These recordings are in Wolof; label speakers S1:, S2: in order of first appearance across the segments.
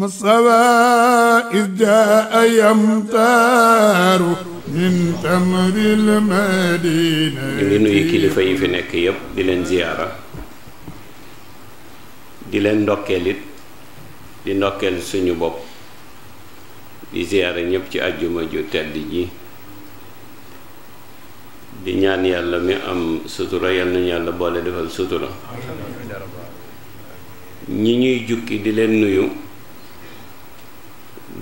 S1: مصطفى إذ جاء يمطار من تمر المدينة ñu ngi nuyu kilifa yi fi nekk yépp di leen ziyaara di leen ndokkeel it di ndokkeel suñu bopp di ziyaara ñépp ci àjjuma ju tedd ji di ñaan yàlla mi am sutura yal nañu yàlla boole defal sutura ñi ñuy jukki di leen nuyu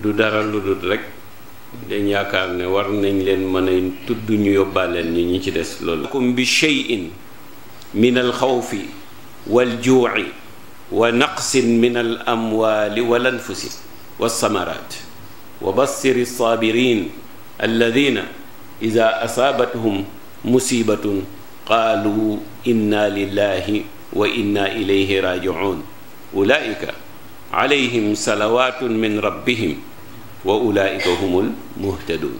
S1: du dara lu dul rek dañ yaakaar ne war nañ leen mën a tudd ñu yóbbaaleen ñi ñi ci des loolu kum bi cheyin min al xawfi wal juuci wa naqsin min al amwaali wal anfusi walsamaraat wa bassiri alsaabirin alladina ida asaabathum musibatun qaalu inna lillahi wa inna ilayhi raajicuun ulaika alayhim salawaatun min rabbihim wa ulaika humul muhtadun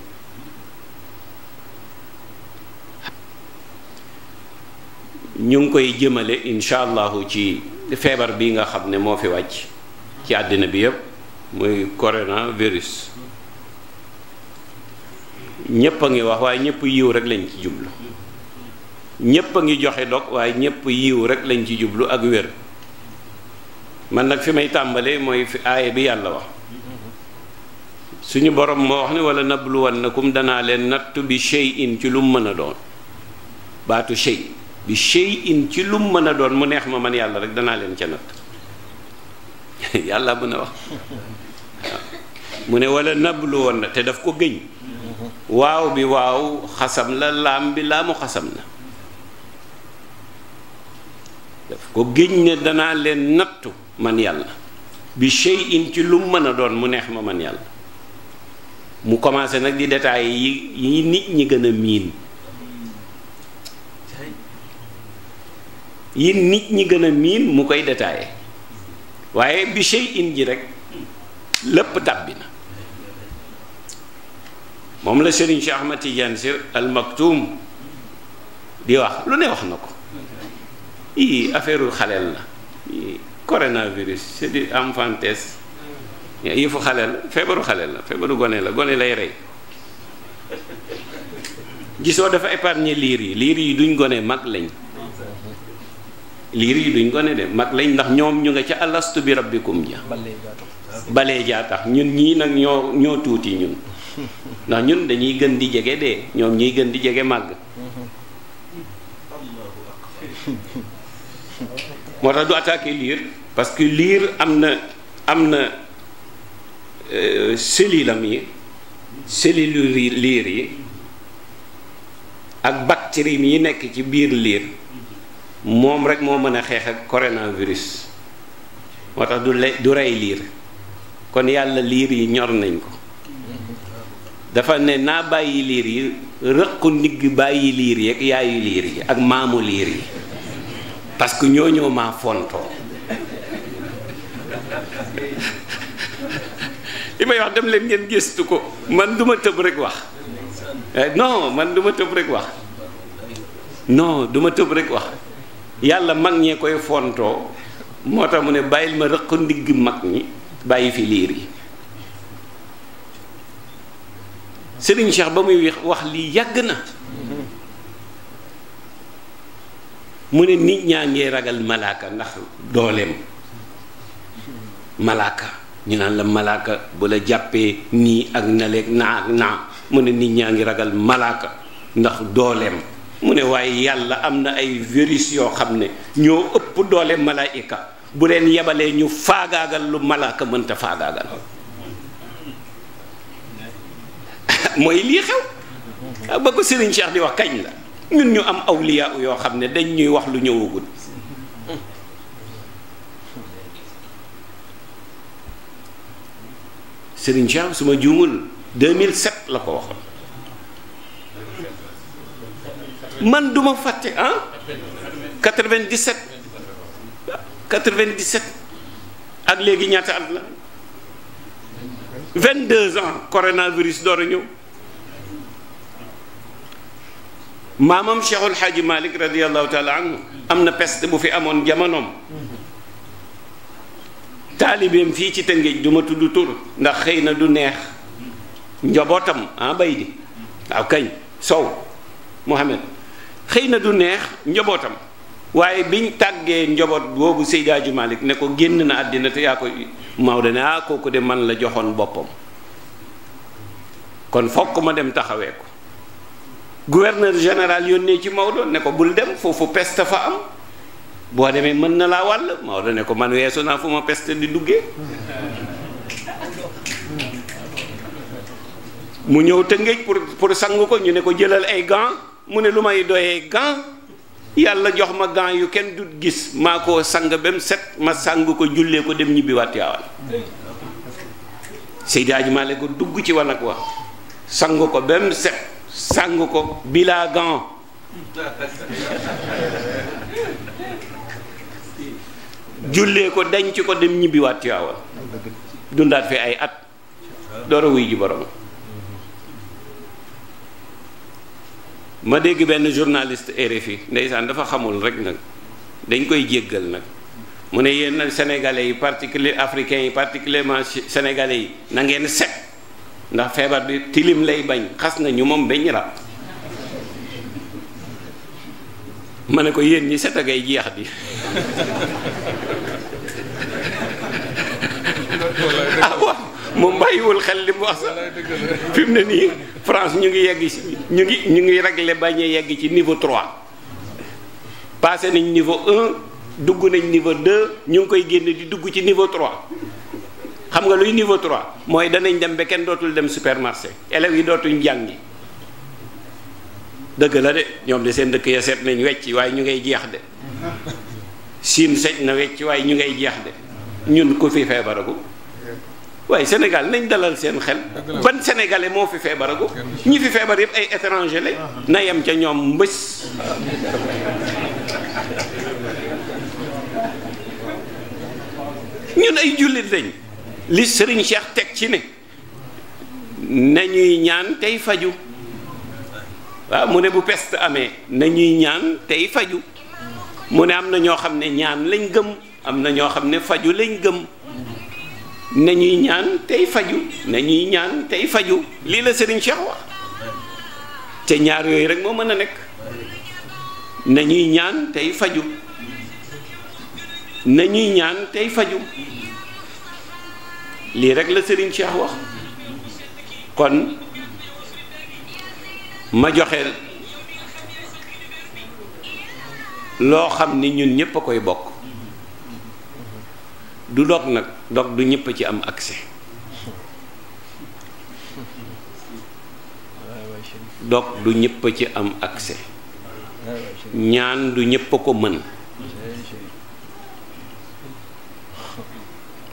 S1: ñu ngi koy jëmale incha allahu ci feebar bi nga xam ne moo fi wàcc ci àddina bi yépp muy coronavirus ñépp a ngi wax waaye ñépp yiw rek lañ ci jublu ñépp a ngi joxe dog waaye ñépp yiw rek lañ ci jublu ak wér man nag fi may tàmbalee mooy fi aaya bi yàlla wax suñu borom moo wax ne na nabluwannakum danaa leen nattu bi shay'in ci lum mën a doon baatu shay bi shay'in ci lum mën a doon mu neex ma man yàlla rek danaa leen ca natt yàlla mën a wax mu ne wala nabluwan na te daf ko gëñ waaw bi waaw xasam la laam bi laamu xasam na daf ko gëñ ne danaa leen nattu man yàlla bi shay in ci lu mën a doon mu neex ma man yàlla mu commencé nag di détails yi yi nit ñi gën a miin yi nit ñi gën a miin mu koy détaillé waaye bi shay in ji rek lépp tàbbi na moom la Serigne Cheikh Ahmad Tidiane di wax lu ne wax na ko i affaireu xaleel la coronavirus c'est di enfantesse yëfu xale la feebaru xale la feebaru gone la gone lay rey gisoo dafa épargner liir yi liir yi duñ gone mag lañ liir yi duñ gone de mag lañ ndax ñoom ñu nga ca alastu bi rabbikum ja balee jaa tax ñun ñii nag ñoo ñoo tuuti ñun ndax ñun dañuy gën di jege dee ñoom ñuy gën di jege màgg moo tax du attaquer liir parce que liir am na am na euh, cellule am yi cellule liir yi ak bactéries yi nekk ci biir liir moom rek moo mën a xeex ak coronavirus moo tax du le du rey liir kon yàlla liir yi ñor nañ ko dafa ne naa bàyyi liir yi rëqu ndigg bàyyi liir yi ak yaayu liir yi ak maamu liir yi parce que ñoo ñëw maa fontoo li may wax dem leen ngeen gëstu ko man duma eh, ma tëb rek wax non man duma ma tëb rek wax non du ma wax yàlla mag ñee koy fontoo moo tax mu ne bàyyil ma rëq ndigg mag ñi bàyyi fi liir yi Serigne Cheikh ba muy wax lii yàgg na mu ne nit ñaa ngee ragal malaaka ndax dooleem malaaka ñu naan la malaaka bu la jàppee nii ak naleeg naa ak naa mu ne nit ñaa ngi ragal malaaka ndax dooleem mu ne waaye yàlla am na ay virus yoo xam ne ñoo ëpp doole malaayika bu leen yebalee ñu faagaagal lu malaaka mënta faagaagal mooy lii xew ba ko Serigne Cheikh di wax kañ la ñun ñu am awliya yoo xam ne dañ ñuy wax lu ñëwagul Serigne Cheikh su ma juumul 2007 la ko waxoon man duma fàtte ah 97 97 ak léegi ñaata at la 22 ans coronavirus door a ñëw maamam Cheikhul Xaaji Malik radiyallahu taala am na pest bu fi amoon jamonoom taalibeem fii ci Tëngéej du ma tudd tur ndax xëy na du neex njabootam ah bay di waaw kañ sow Mohamed xëy na du neex njabootam waaye biñ tàggee njaboot boobu Seydi malik ne ko génn na àddina te yaa ko Maodo ne ah kooku de man la joxoon boppam kon fokk ma dem taxawee ko gouverneur général yónnee ci Maodo ne ko bul dem foofu pest fa am boo demee mën na laa wàll Maodo ne ko man weesu naa fu ma peste di duggee mu ñëw Tëngéej pour pour sangu ko ñu ne ko jëlal ay gants mu ne lu may doyee gants yàlla jox ma gants yu kenn du gis maa ko sang ba mu set ma sang ko jullee ko dem ñibbi waat yaawal Seydi Hadji Malick ko dugg ci wanag wa sang ko ba mu set sàng ko bilagan jullee ko denc ko dem ñibbiwaat Tiwaawan dundaat fi ay at door a wuy ji borom ma dégg benn journaliste RFI ndeysaan dafa xamul rek nag dañ koy jéggal nag mu ne yéen sénégalais yi particulier africains yi particulièrement sénégalais yi na ngeen set ndax feebar bi tilim lay bañ xas nañu moom bañ rab ma ne ko yéen ñi set agay jeex bi ah waaw moom bàyyiwul xel li mu wax sax fi mu ne nii France ñu ngi yegg ci ñu ngi ñu ngi réglé bañ a yegg ci niveau 3 passé nañ niveau 1 dugg nañ niveau 2 ñu ngi koy génn di dugg ci niveau 3 xam nga luy niveau 3 mooy danañ dem ba kenn dootul dem supermarché élèves yi dootuñ jàngi dëgg la de ñoom de seen dëkk ya seet nañ wecc waaye ñu ngay jeex de siin sej na wecc waaye ñu ngay jeex de ñun ku fi feebaragu waaye Sénégal nañ dalal seen xel ban sénégalais moo fi feebaragu ñi fi feebar yëpp ay étranger lañ na yem ca ñoom mbës ñun ay jullit lañ li sëriñ Cheikh teg ci ne nañuy ñaan tey faju waaw mu ne bu pest amee nañuy ñaan tey faju mu ne am na ñoo xam ne ñaan lañ gëm am na ñoo xam ne faju lañ gëm nañuy ñaan tey faju na ñuy ñaan tey faju lii la sëriñ Cheikh wax te ñaar yooyu rek moo mën a nekk nañuy ñaan tey faju nañuy ñaan tey faju lii rek la Serigne Cheikh wax kon ma joxe loo xam ni ñun ñépp a koy bokk du dog nag dog du ñépp a ci am accès dog du ñépp a ci am accès ñaan du ñépp a ko mën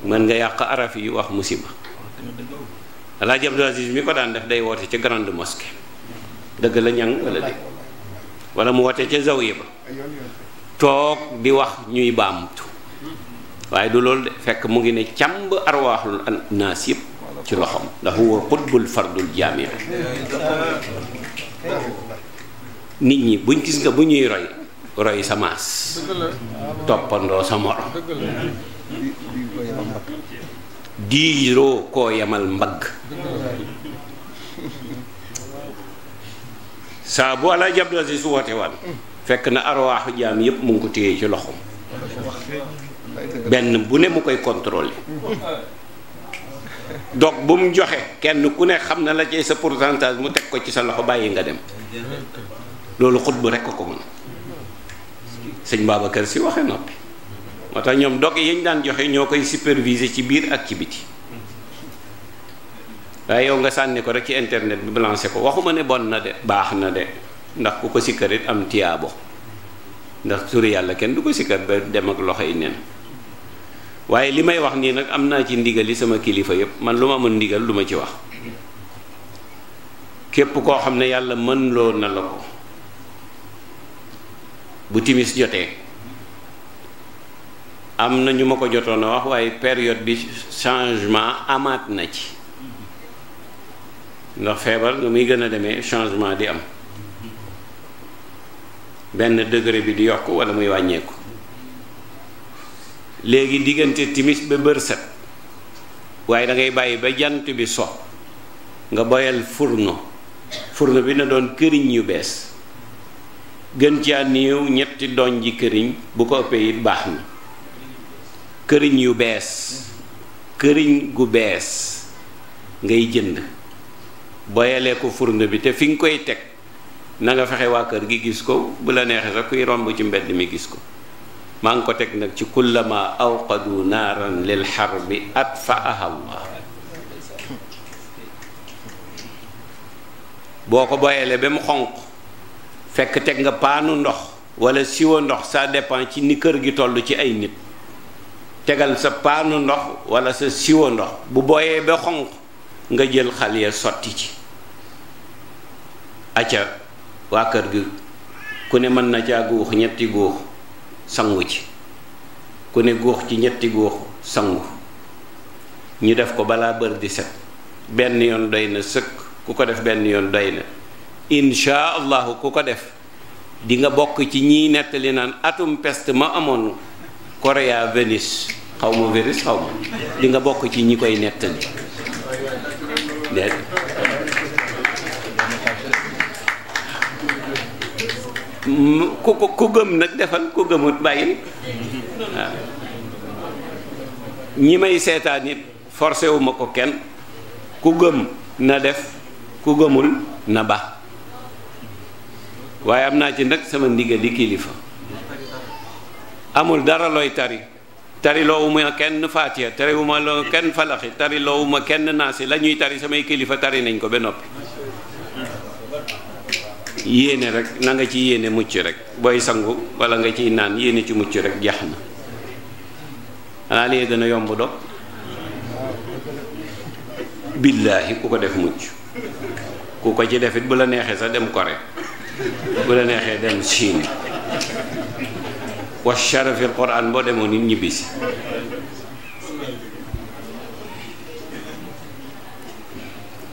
S1: mën nga yàq araf yi wax musiba alaaji Abdul Aziz mi ko daan def day wote ca grande mosquée dëgg la ñang wala dé wala mu woote ca zawiya ba toog di wax ñuy baamtu waaye du loolu de fekk mu ngi ne càmb arwaaxul naas yëpp ci loxom ndax huwa qutbul fardul jaamia nit ñi buñ gis nga bu ñuy roy roy sa maas toppandoo sa morom diiroo koo yamal mbagg saa bu alaaji Abdul su woote waan fekk na arwaaxu jaam yépp mu ngi ko téye ci loxoom benn bu ne mu koy contrôler donc bu mu joxe kenn ku ne xam na la ci sa pourcentage mu teg ko ci sa loxo bàyyi nga dem loolu xut bu rekk ko mën sëñ Babacar Si waxe noppi moo tax ñoom dog yañ daan joxe ñoo koy superviser ci biir ak ci biti waaye yow nga sànni ko rek ci internet bi balancé ko waxuma ne bon na de baax na de ndax ku ko sikkarit am tiyaabo ndax turi yàlla kenn du ko sikkar ba dem ak loxo yi nen waaye li may wax nii nag am naa ci ndigal yi sama kilifa yëpp man lu ma mën ndigal lu ma ci wax képp koo xam ne yàlla mën loo na la ko bu timis jotee am na ñu ma ko jotoon a wax waaye période bi changement amaat na ci ndox feebar nu muy gën a demee changement di am benn degré bi di yokk wala muy wàññeeku léegi diggante timis ba bër set waaye dangay bàyyi ba jant bi so nga boyal furno furno bi na doon këriñ yu bees gën ci a néew ñetti doñ ji këriñ bu ko ëppee it baax na këriñ yu bees këriñ gu bees ngay jënd boyalee ko fourne bi te fi nga koy teg nanga nga fexe waa kër gi gis ko bu la neexee sax kuy romb ci mbedd mi gis ko maa ngi ko teg nag ci kullama awqadu naaran lil xarbi atfaaha allah boo ko boyalee ba mu xonq fekk teg nga paanu ndox wala siwa ndox ça dépend ci ni kër gi toll ci ay nit tegal sa paanu ndox wala sa siwo ndox bu booyee ba xonq nga jël xal ya sotti ci acca waa kër gi ku ne mën na caa guux ñetti guux sangu ci ku ne guux ci ñetti guux sangu ñu def ko balaa bër di set benn yoon doy na sëkk ku ko def benn yoon doy na insha allahu ku ko def di nga bokk ci ñiy nettali naan atum peste ma amoon Corée Venice xaw ma virus xaw ma di nga bokk ci ñi koy nettali dégg mm, ku ko ku gëm nag defal ku gëmut bàyyil ñi may seetaan it forcé wu ko kenn ku gëm na def ku gëmul na ba waaye am naa ci nag sama ndigal di kilifa amul dara looy tari tariloowuma kenn faatiya tariwuma loo kenn falaxi ma kenn naasi la ñuy tari samay kilifa tari nañ ko ba noppi yéene rek na nga ci yéene mucc rek booy sangu wala nga ciy naan yéene ci mucc rek jeex na xanaa lee gën a yomb dog billaahi ku ko def mucc ku ko ci defit bu la neexee sax dem Corée bu la neexee dem Chine wa sharafil quran boo demoo nit ñibbisi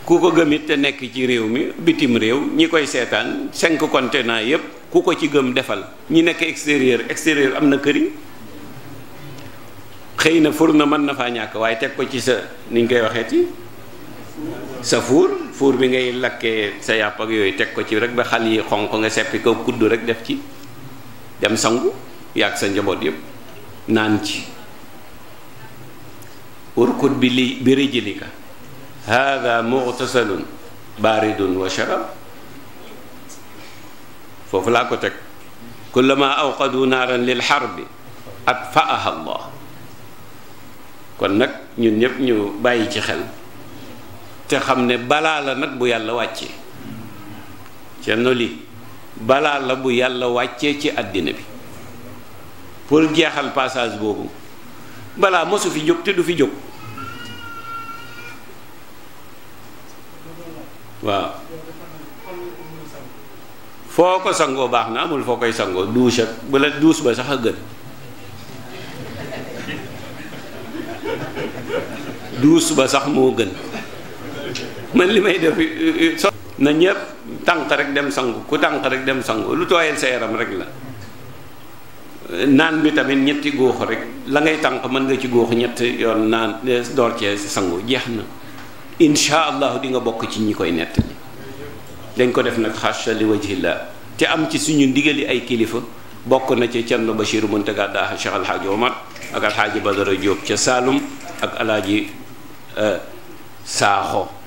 S1: ku ko gëmit te nekk ci réew mi bitim réew ñi koy seetaan cinq continent yépp ku ko ci gëm defal ñi nekk extérieur extérieur am na këriñ xëy na fur na mën na faa ñàkk waaye teg ko ci sa niñ koy waxeeti sa fuur fuur bi ngay lakkee sa yàpp ak yooyu teg ko ci rek ba xal yi xonq nga seppi ko kudd rek def ci dem sangu yàgg sa njaboot yëpp naan ci urkut bi li bi rijlika hada mughtasalun baridun wa sharab foofu laa ko teg kullama awqadu naaran lil harbi atfa'aha allah kon nag ñun ñépp ñu bàyyi ci xel te xam ne balaa la nag bu yàlla wàccee ca noli balaa la bu yàlla wàccee ci àddina bi pour jeexal passage boobu balaa mosu fi jóg te du fi jóg waaw foo ko sangoo baax na amul foo koy sangoo douche ak bala douche ba sax a gën douche ba sax moo gën mën li may def eh, eh, na ñëpp tànk rek dem sangu ku tànk rek dem sangu lu tooyal sa yaram rek la naan bi tamit ñetti góoxu rek la ngay tànk mën nga ci góoxu ñett yoon naan eh, door cee sangu jeex na insha allahu di nga bokk ci ñi koy nettali dañ ko def nag xasha li wajhillah te am ci suñu ndigali ay kilifa bokk na ci Cerno Bachir Muntaga Daha Cheikh Alhaaji Omar ak Alhaaji Badara Diop ca Saalum ak Alaaji eh, Saaxo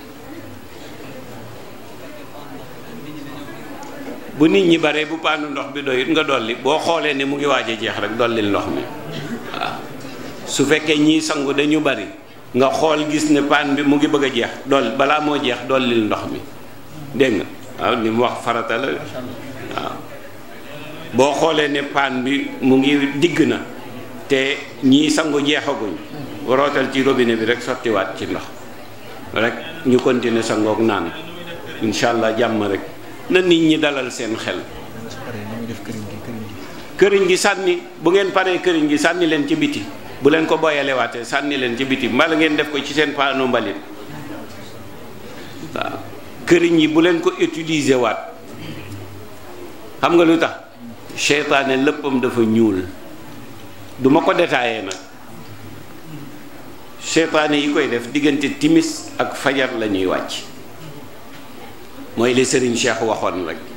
S1: bu nit ñi baree bu paanu ndox bi doy nga dolli boo xoolee ne mu ngi waaj a jeex rek dollil ndox mi waaw su fekkee ñii sangu dañu bari nga xool gis ne paan bi mu ngi bëgg a jeex dolli balaa moo jeex dollil ndox mi dégg nga waaw wax farata la boo xoolee ne paan bi mu ngi digg na te ñii sangu jeexaguñ rootal ci robine bi rek sottiwaat ci ndox rek ñu continuer sangoog naan incha allah jàmm rek. na nit ñi dalal seen xel këriñ gi sànni bu ngeen paree këriñ gi sànni leen ci biti bu leen ko boyalewaatee sànni leen ci biti mbala ngeen def ko ci seen paano mbalit waaw këriñ yi bu leen ko utilise waat xam nga lu tax seytaane léppam dafa ñuul duma ko détaillé nag seytaane yi koy def diggante timis ak fajar la ñuy wàcc mooy li Serigne Cheikh waxoon rek